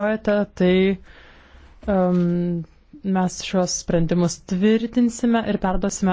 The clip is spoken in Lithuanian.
savaitę, tai um, mes šios sprendimus tvirtinsime ir perduosime